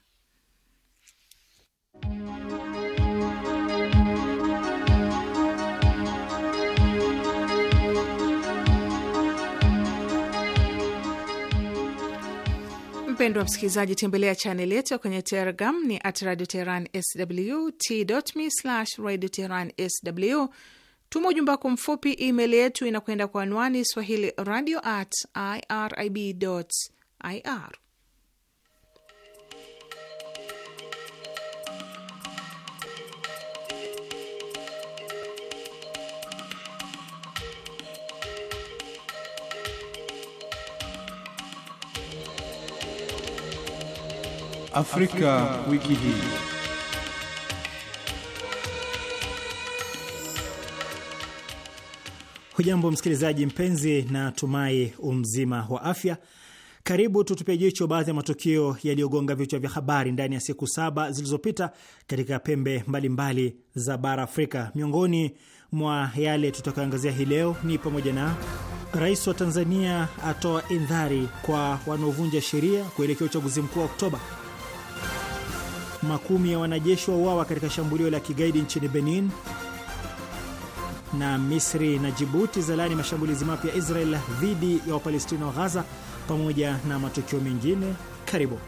Mpendo wa msikilizaji, tembelea chaneli yetu kwenye Telegram ni at Radio Teheran sw t.me slash Radio Teheran sw. Tuma ujumbe wako mfupi, email yetu inakwenda kwa anwani swahili radio at irib ir Afrika, wiki hii. Hujambo msikilizaji mpenzi, na tumai umzima wa afya. Karibu tutupie jicho baadhi ya matukio yaliyogonga vichwa vya habari ndani ya siku saba zilizopita katika pembe mbalimbali mbali za bara Afrika. Miongoni mwa yale tutakayoangazia hii leo ni pamoja na Rais wa Tanzania atoa indhari kwa wanaovunja sheria kuelekea uchaguzi mkuu wa Oktoba, makumi ya wanajeshi wa uawa katika shambulio la kigaidi nchini Benin, na Misri na Jibuti zalaani mashambulizi mapya ya Israel dhidi ya Wapalestina wa Ghaza, pamoja na matukio mengine. Karibu.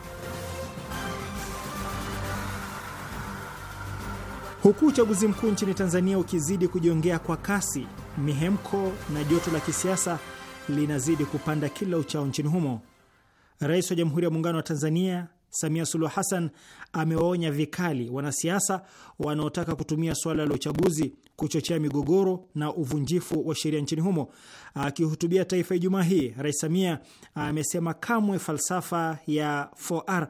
Huku uchaguzi mkuu nchini Tanzania ukizidi kujiongea kwa kasi, mihemko na joto la kisiasa linazidi kupanda kila uchao nchini humo. Rais wa Jamhuri ya Muungano wa Tanzania Samia Suluhu Hassan amewaonya vikali wanasiasa wanaotaka kutumia suala la uchaguzi kuchochea migogoro na uvunjifu wa sheria nchini humo. Akihutubia taifa Ijumaa hii, Rais Samia amesema kamwe falsafa ya 4R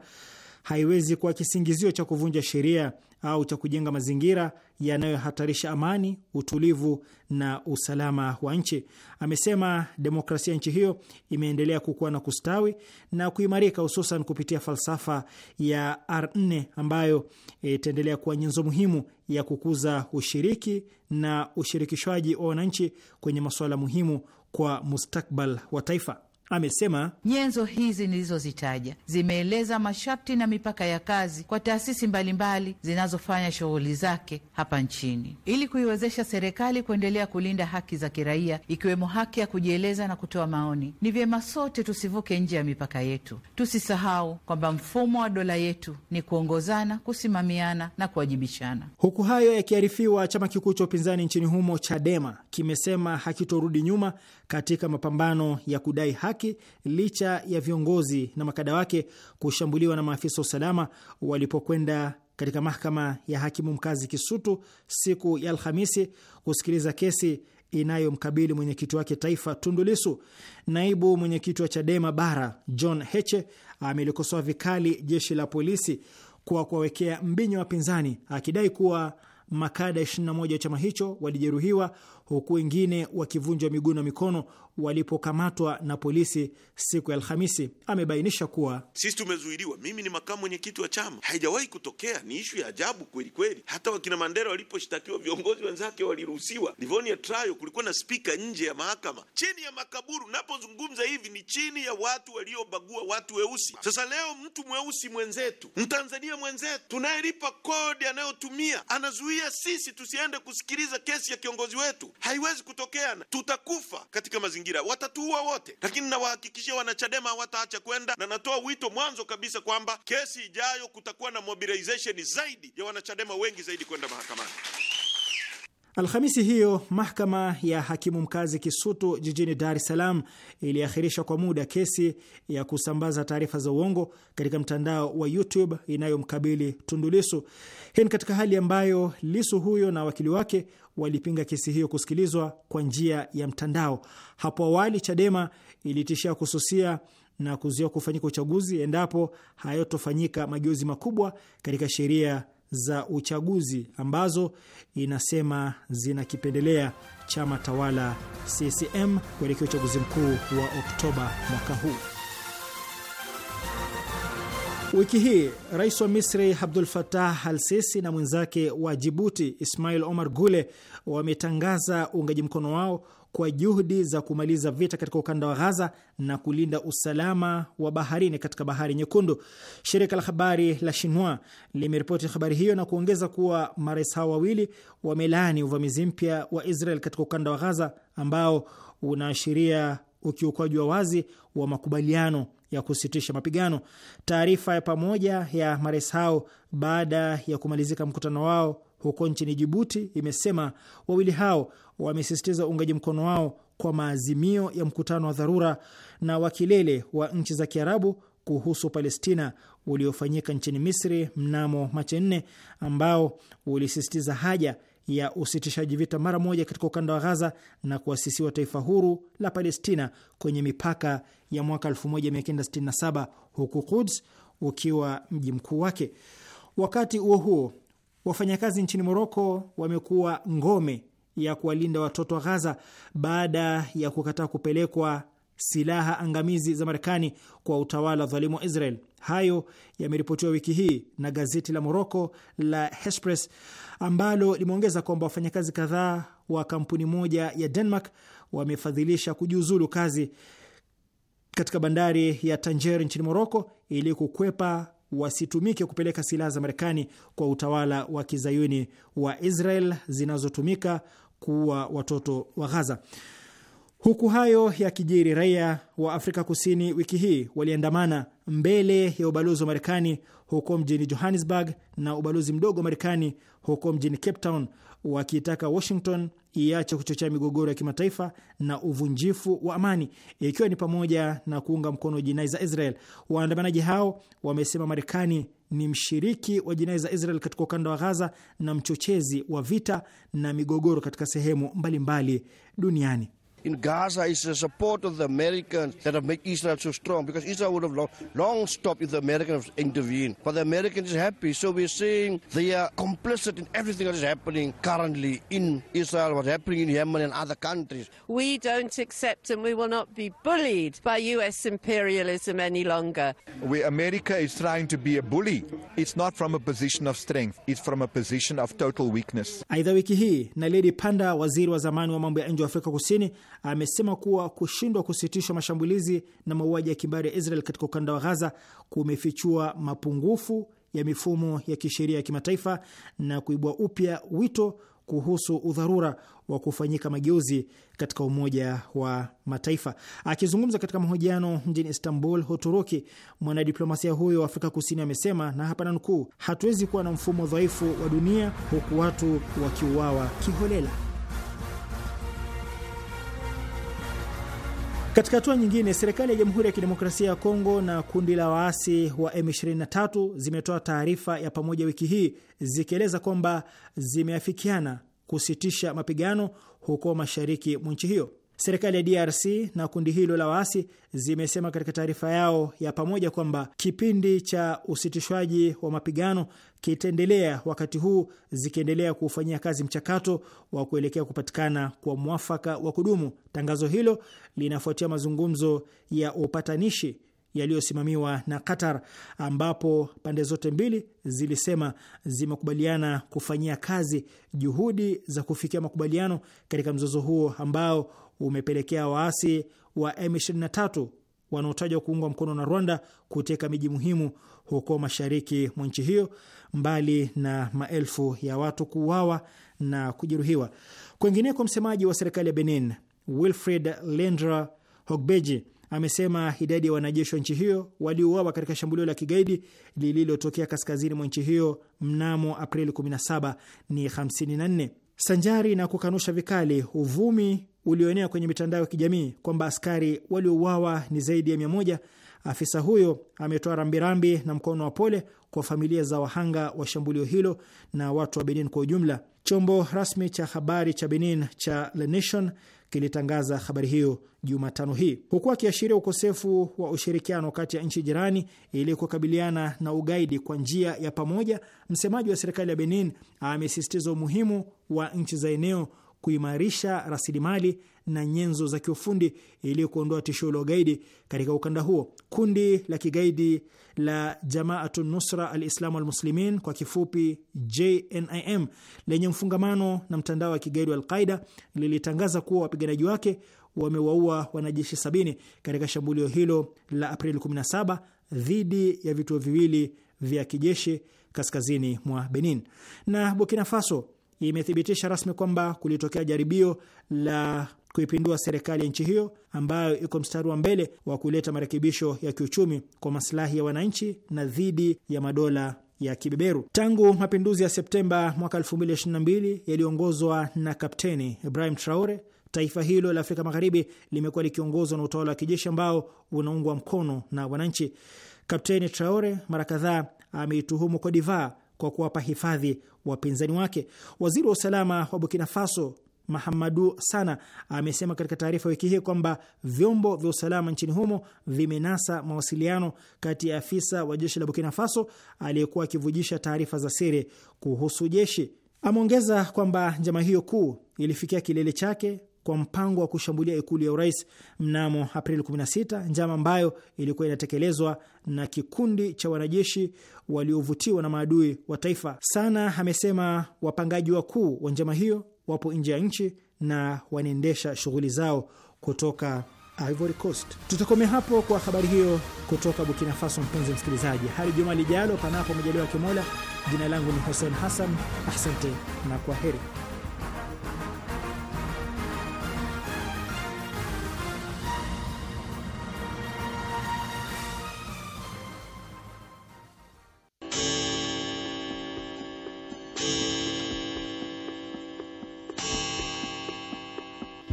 haiwezi kuwa kisingizio cha kuvunja sheria au cha kujenga mazingira yanayohatarisha amani, utulivu na usalama wa nchi. Amesema demokrasia ya nchi hiyo imeendelea kukua na kustawi na kuimarika, hususan kupitia falsafa ya R4 ambayo e, itaendelea kuwa nyenzo muhimu ya kukuza ushiriki na ushirikishwaji wa wananchi kwenye masuala muhimu kwa mustakbal wa taifa. Amesema nyenzo hizi nilizozitaja zimeeleza masharti na mipaka ya kazi kwa taasisi mbalimbali zinazofanya shughuli zake hapa nchini ili kuiwezesha serikali kuendelea kulinda haki za kiraia ikiwemo haki ya kujieleza na kutoa maoni. Ni vyema sote tusivuke nje ya mipaka yetu. Tusisahau kwamba mfumo wa dola yetu ni kuongozana, kusimamiana na kuwajibishana. Huku hayo yakiarifiwa, chama kikuu cha upinzani nchini humo Chadema kimesema hakitorudi nyuma katika mapambano ya kudai haki haki licha ya viongozi na makada wake kushambuliwa na maafisa wa usalama walipokwenda katika mahakama ya hakimu mkazi Kisutu siku ya Alhamisi kusikiliza kesi inayomkabili mwenyekiti wake taifa tundulisu Naibu mwenyekiti wa Chadema Bara John Heche amelikosoa vikali jeshi la polisi kwa kuwawekea mbinyo wapinzani akidai kuwa makada 21 wa chama hicho walijeruhiwa huku wengine wakivunjwa miguu na mikono walipokamatwa na polisi siku ya Alhamisi. Amebainisha kuwa sisi tumezuiliwa, mimi ni makamu mwenyekiti wa chama, haijawahi kutokea. Ni ishu ya ajabu kweli kweli. Hata wakina Mandela waliposhtakiwa, viongozi wenzake waliruhusiwa. Livonia trial, kulikuwa na spika nje ya mahakama, chini ya makaburu. Napozungumza hivi ni chini ya watu waliobagua watu weusi. Sasa leo mtu mweusi mwenzetu, mtanzania mwenzetu, tunayelipa kodi anayotumia, anazuia sisi tusiende kusikiliza kesi ya kiongozi wetu haiwezi kutokea, tutakufa katika mazingira, watatuua wote. Lakini nawahakikishia wanachadema hawataacha kwenda, na natoa wito mwanzo kabisa kwamba kesi ijayo kutakuwa na mobilization zaidi ya wanachadema wengi zaidi kwenda mahakamani. Alhamisi hiyo mahakama ya hakimu mkazi Kisutu jijini Dar es Salaam iliakhirisha kwa muda kesi ya kusambaza taarifa za uongo katika mtandao wa YouTube inayomkabili Tundu Lisu. Hii ni katika hali ambayo lisu huyo na wakili wake walipinga kesi hiyo kusikilizwa kwa njia ya mtandao. Hapo awali, Chadema ilitishia kususia na kuzuia kufanyika uchaguzi endapo hayatofanyika mageuzi makubwa katika sheria za uchaguzi ambazo inasema zinakipendelea chama tawala CCM kuelekea uchaguzi mkuu wa Oktoba mwaka huu. Wiki hii rais wa Misri Abdul Fatah Al Sisi na mwenzake wa Jibuti Ismail Omar Gule wametangaza uungaji mkono wao kwa juhudi za kumaliza vita katika ukanda wa Ghaza na kulinda usalama wa baharini katika bahari Nyekundu. Shirika la habari la Shinwa limeripoti habari hiyo na kuongeza kuwa marais hao wawili wamelaani uvamizi mpya wa Israel katika ukanda wa Ghaza ambao unaashiria ukiukwaji wa wazi wa makubaliano ya kusitisha mapigano. Taarifa ya pamoja ya marais hao baada ya kumalizika mkutano wao huko nchini Jibuti imesema wawili hao wamesisitiza uungaji mkono wao kwa maazimio ya mkutano wa dharura na wa kilele wa nchi za Kiarabu kuhusu Palestina uliofanyika nchini Misri mnamo Machi nne, ambao ulisisitiza haja ya usitishaji vita mara moja katika ukanda wa Ghaza na kuasisiwa taifa huru la Palestina kwenye mipaka ya mwaka 1967 huku Quds ukiwa mji mkuu wake. Wakati huo huo Wafanyakazi nchini Moroko wamekuwa ngome ya kuwalinda watoto wa Ghaza baada ya kukataa kupelekwa silaha angamizi za Marekani kwa utawala dhalimu wa Israel. Hayo yameripotiwa wiki hii na gazeti la Moroko la Hespres ambalo limeongeza kwamba wafanyakazi kadhaa wa kampuni moja ya Denmark wamefadhilisha kujiuzulu kazi katika bandari ya tanger nchini Moroko ili kukwepa wasitumike kupeleka silaha za Marekani kwa utawala wa kizayuni wa Israel zinazotumika kuua watoto wa Ghaza. Huku hayo ya kijiri, raia wa Afrika Kusini wiki hii waliandamana mbele ya ubalozi wa Marekani huko mjini Johannesburg na ubalozi mdogo wa Marekani huko mjini Cape Town wakiitaka Washington iache kuchochea migogoro ya kimataifa na uvunjifu wa amani, ikiwa ni pamoja na kuunga mkono jinai za Israel. Waandamanaji hao wamesema Marekani ni mshiriki wa jinai za Israel katika ukanda wa Ghaza na mchochezi wa vita na migogoro katika sehemu mbalimbali mbali duniani. in Gaza is the support of the Americans that have made Israel so strong because Israel would have long, long stopped if the Americans intervened. But the Americans are happy. So we're saying they are complicit in everything that is happening currently in Israel, what's happening in Yemen and other countries. We don't accept and we will not be bullied by US imperialism any longer. Where America is trying to be a bully, it's not from a position of strength, it's from a position of total weakness. Aidha, wiki hii Naledi Panda, waziri wa zamani wa mambo ya nje wa Afrika Kusini, amesema kuwa kushindwa kusitishwa mashambulizi na mauaji ya kimbari ya Israel katika ukanda wa Ghaza kumefichua mapungufu ya mifumo ya kisheria ya kimataifa na kuibua upya wito kuhusu udharura wa kufanyika mageuzi katika Umoja wa Mataifa. Akizungumza katika mahojiano mjini Istanbul, Uturuki, mwanadiplomasia huyo wa Afrika Kusini amesema na hapa nanukuu, hatuwezi kuwa na mfumo dhaifu wa dunia huku watu wakiuawa kiholela. Katika hatua nyingine, serikali ya Jamhuri ya Kidemokrasia ya Kongo na kundi la waasi wa M23 zimetoa taarifa ya pamoja wiki hii zikieleza kwamba zimeafikiana kusitisha mapigano huko mashariki mwa nchi hiyo. Serikali ya DRC na kundi hilo la waasi zimesema katika taarifa yao ya pamoja kwamba kipindi cha usitishwaji wa mapigano kitaendelea, wakati huu zikiendelea kuufanyia kazi mchakato wa kuelekea kupatikana kwa mwafaka wa kudumu. Tangazo hilo linafuatia mazungumzo ya upatanishi yaliyosimamiwa na Qatar ambapo pande zote mbili zilisema zimekubaliana kufanyia kazi juhudi za kufikia makubaliano katika mzozo huo ambao umepelekea waasi wa M23 wanaotajwa kuungwa mkono na Rwanda kuteka miji muhimu huko mashariki mwa nchi hiyo, mbali na maelfu ya watu kuuawa na kujeruhiwa. Kwingineko, msemaji wa serikali ya Benin Wilfred Lendra Hogbeji amesema idadi ya wanajeshi wa nchi hiyo waliouawa katika shambulio la kigaidi lililotokea kaskazini mwa nchi hiyo mnamo Aprili 17 ni 54 sanjari na kukanusha vikali uvumi ulioenea kwenye mitandao ya kijamii kwamba askari waliouawa ni zaidi ya mia moja. Afisa huyo ametoa rambirambi na mkono wa pole kwa familia za wahanga wa shambulio hilo na watu wa Benin kwa ujumla. Chombo rasmi cha habari cha Benin cha Le Nation kilitangaza habari hiyo Jumatano hii huku akiashiria ukosefu wa ushirikiano kati ya nchi jirani ili kukabiliana na ugaidi kwa njia ya pamoja. Msemaji wa serikali ya Benin amesisitiza umuhimu wa nchi za eneo kuimarisha rasilimali na nyenzo za kiufundi ili kuondoa tishio la ugaidi katika ukanda huo. Kundi la kigaidi la Jamaatu Nusra Alislamu Walmuslimin, kwa kifupi JNIM, lenye mfungamano na mtandao wa kigaidi wa Alqaida lilitangaza kuwa wapiganaji wake wamewaua wanajeshi sabini katika shambulio hilo la Aprili 17 dhidi ya vituo viwili vya kijeshi kaskazini mwa Benin. Na Burkina Faso imethibitisha rasmi kwamba kulitokea jaribio la kuipindua serikali ya nchi hiyo ambayo iko mstari wa mbele wa kuleta marekebisho ya kiuchumi kwa masilahi ya wananchi na dhidi ya madola ya kibeberu. Tangu mapinduzi ya Septemba mwaka 2022 yaliyoongozwa na Kapteni Ibrahim Traore, taifa hilo la Afrika Magharibi limekuwa likiongozwa na utawala wa kijeshi ambao unaungwa mkono na wananchi. Kapteni Traore mara kadhaa ameituhumu Kodivaa kwa kuwapa hifadhi wapinzani wake. Waziri wa usalama wa Burkina Faso Mahamadu Sana amesema katika taarifa wiki hii kwamba vyombo vya usalama nchini humo vimenasa mawasiliano kati ya afisa wa jeshi la Burkina Faso aliyekuwa akivujisha taarifa za siri kuhusu jeshi. Ameongeza kwamba njama hiyo kuu ilifikia kilele chake kwa mpango wa kushambulia ikulu ya urais mnamo Aprili 16, njama ambayo ilikuwa inatekelezwa na kikundi cha wanajeshi waliovutiwa na maadui wa taifa. Sana amesema wapangaji wakuu wa njama hiyo wapo nje ya nchi na wanaendesha shughuli zao kutoka uh, Ivory Coast. Tutakomea hapo kwa habari hiyo kutoka Burkina Faso. Mpenzi msikilizaji, hadi juma lijalo, panapo majaliwa Kimola. Jina langu ni Hussein Hassan, asante na kwa heri.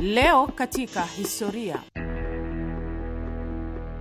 Leo katika historia.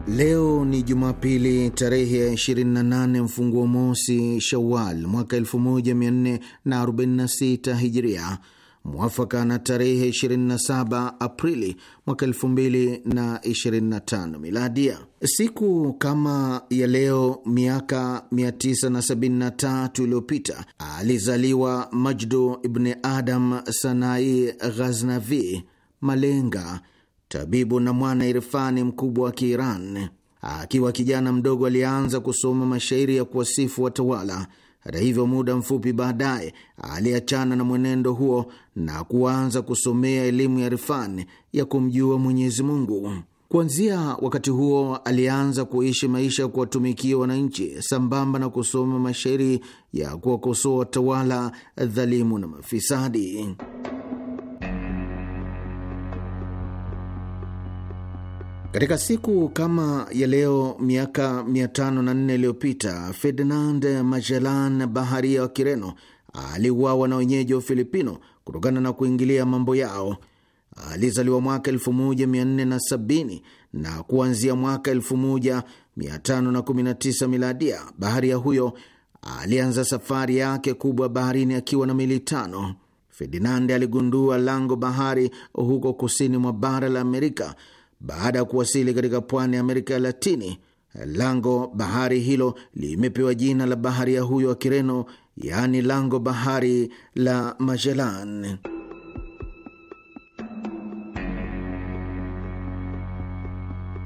Leo ni Jumapili tarehe ya 28 mfunguo mosi Shawal mwaka 1446 Hijria, mwafaka na tarehe 27 Aprili mwaka 2025 Miladia. Siku kama ya leo miaka 973 iliyopita alizaliwa Majdu Ibni Adam Sanai Ghaznavi, malenga, tabibu na mwana irfani mkubwa wa Kiiran. Akiwa kijana mdogo, alianza kusoma mashairi ya kuwasifu watawala. Hata hivyo, muda mfupi baadaye aliachana na mwenendo huo na kuanza kusomea elimu ya irfani ya kumjua Mwenyezi Mungu. Kuanzia wakati huo alianza kuishi maisha ya kuwatumikia wananchi sambamba na kusoma mashairi ya kuwakosoa watawala dhalimu na mafisadi. Katika siku kama ya leo miaka 504 iliyopita Ferdinand Magellan, baharia wa Kireno, aliuawa na wenyeji wa Ufilipino kutokana na kuingilia mambo yao. Alizaliwa mwaka 1470 na kuanzia mwaka 1519 miladia, baharia huyo alianza safari yake kubwa baharini akiwa na meli tano. Ferdinand aligundua lango bahari huko kusini mwa bara la Amerika baada ya kuwasili katika pwani ya Amerika ya Latini, lango bahari hilo limepewa jina la baharia huyo wa Kireno, yaani lango bahari la Magellan.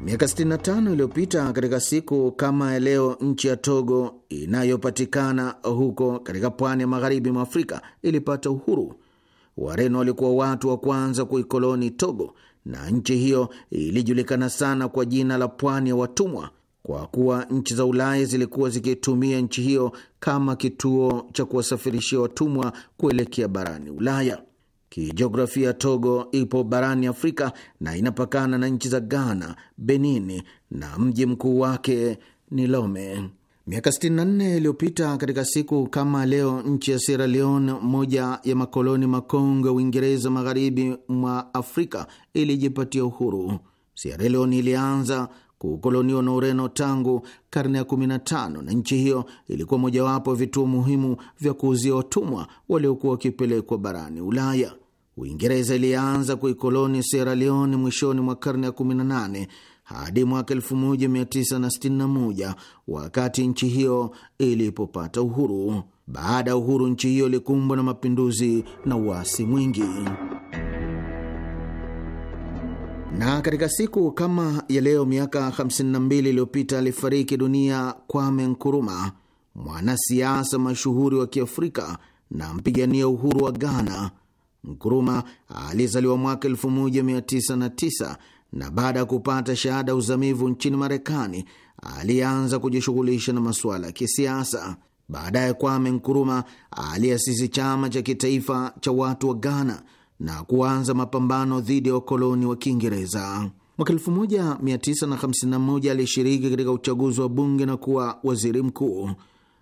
Miaka 65 iliyopita katika siku kama ya leo, nchi ya Togo inayopatikana huko katika pwani ya magharibi mwa Afrika ilipata uhuru. Wareno walikuwa watu wa kwanza kuikoloni Togo na nchi hiyo ilijulikana sana kwa jina la pwani ya watumwa kwa kuwa nchi za Ulaya zilikuwa zikitumia nchi hiyo kama kituo cha kuwasafirishia watumwa kuelekea barani Ulaya. Kijiografia, Togo ipo barani Afrika na inapakana na nchi za Ghana, Benini na mji mkuu wake ni Lome. Miaka 64 iliyopita katika siku kama leo, nchi ya Sierra Leone, moja ya makoloni makongwe Uingereza magharibi mwa Afrika, ilijipatia uhuru. Sierra Leone ilianza kukoloniwa na Ureno tangu karne ya 15 na nchi hiyo ilikuwa mojawapo vituo muhimu vya kuuzia watumwa waliokuwa wakipelekwa barani Ulaya. Uingereza ilianza kuikoloni Sierra Leone mwishoni mwa karne ya 18 hadi mwaka 1961 wakati nchi hiyo ilipopata uhuru. Baada ya uhuru, nchi hiyo ilikumbwa na mapinduzi na uasi mwingi na katika siku kama ya leo miaka 52 iliyopita alifariki dunia Kwame Nkuruma, mwanasiasa mashuhuri wa Kiafrika na mpigania uhuru wa Ghana. Nkuruma alizaliwa mwaka 1909 na baada ya kupata shahada ya uzamivu nchini Marekani alianza kujishughulisha na masuala ya kisiasa. Baadaye Kwame Nkuruma aliasisi chama cha kitaifa cha watu wa Ghana na kuanza mapambano dhidi ya wakoloni wa Kiingereza. Mwaka 1951 alishiriki katika uchaguzi wa bunge na kuwa waziri mkuu.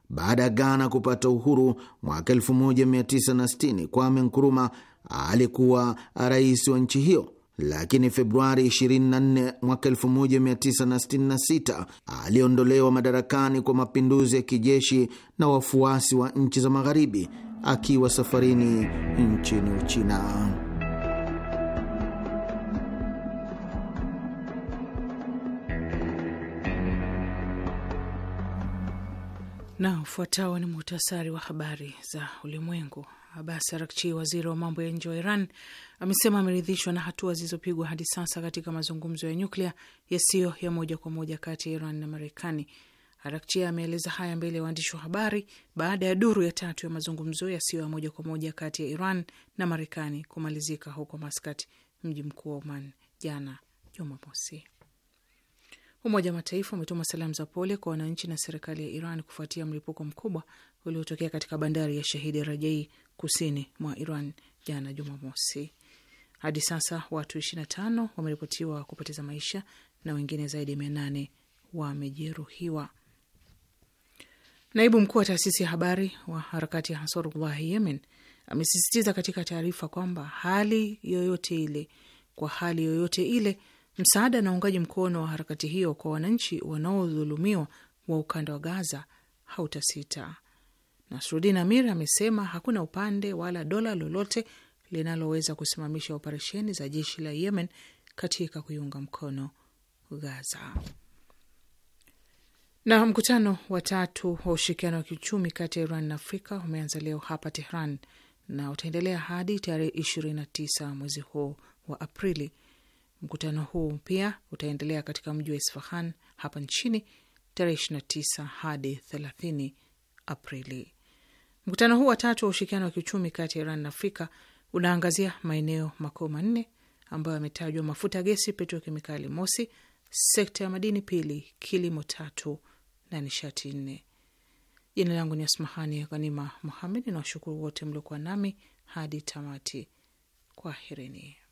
Baada ya Ghana kupata uhuru mwaka 1960, Kwame Nkuruma alikuwa rais wa nchi hiyo lakini Februari 24 mwaka 1966 aliondolewa madarakani kwa mapinduzi ya kijeshi na wafuasi wa nchi za Magharibi akiwa safarini nchini Uchina. Na ufuatao ni muhtasari wa habari za ulimwengu. Abas Arakchi, waziri wa mambo ya nje wa Iran, amesema ameridhishwa na hatua zilizopigwa hadi sasa katika mazungumzo ya nyuklia yasiyo ya moja kwa moja kati ya Iran na Marekani. Arakchia ameeleza haya mbele ya waandishi wa habari baada ya duru ya tatu ya mazungumzo yasiyo ya moja kwa moja kati ya Iran na Marekani kumalizika huko Maskat, mji mkuu wa Oman, jana Jumamosi. Umoja wa Mataifa umetuma salamu za pole kwa wananchi na serikali ya Iran kufuatia mlipuko mkubwa uliotokea katika bandari ya Shahidi Rajai kusini mwa Iran jana Jumamosi. Hadi sasa watu 25 wameripotiwa kupoteza maisha na wengine zaidi ya mia nane wamejeruhiwa. Naibu mkuu wa taasisi ya habari wa harakati ya Ansarullah Yemen amesisitiza katika taarifa kwamba hali yoyote ile, kwa hali yoyote ile, msaada na uungaji mkono wa harakati hiyo kwa wananchi wanaodhulumiwa wa ukanda wa Gaza hautasita. Nasrudin Amir amesema hakuna upande wala dola lolote linaloweza kusimamisha operesheni za jeshi la Yemen katika kuiunga mkono Gaza. Na mkutano wa tatu wa ushirikiano wa kiuchumi kati ya Iran na Afrika umeanza leo hapa Tehran na utaendelea hadi tarehe tisa mwezi huu wa Aprili. Mkutano huu pia utaendelea katika mji wa Isfahan hapa nchini tarehe tisa hadi thelathini Aprili. Mkutano huu wa tatu wa ushirikiano wa kiuchumi kati ya Iran na Afrika unaangazia maeneo makuu manne ambayo yametajwa: mafuta, gesi, petrokemikali; mosi, sekta ya madini; pili, kilimo; tatu, na nishati nne. Jina langu ni Asmahani Ghanima Muhamed na washukuru wote mliokuwa nami hadi tamati. Kwaherini.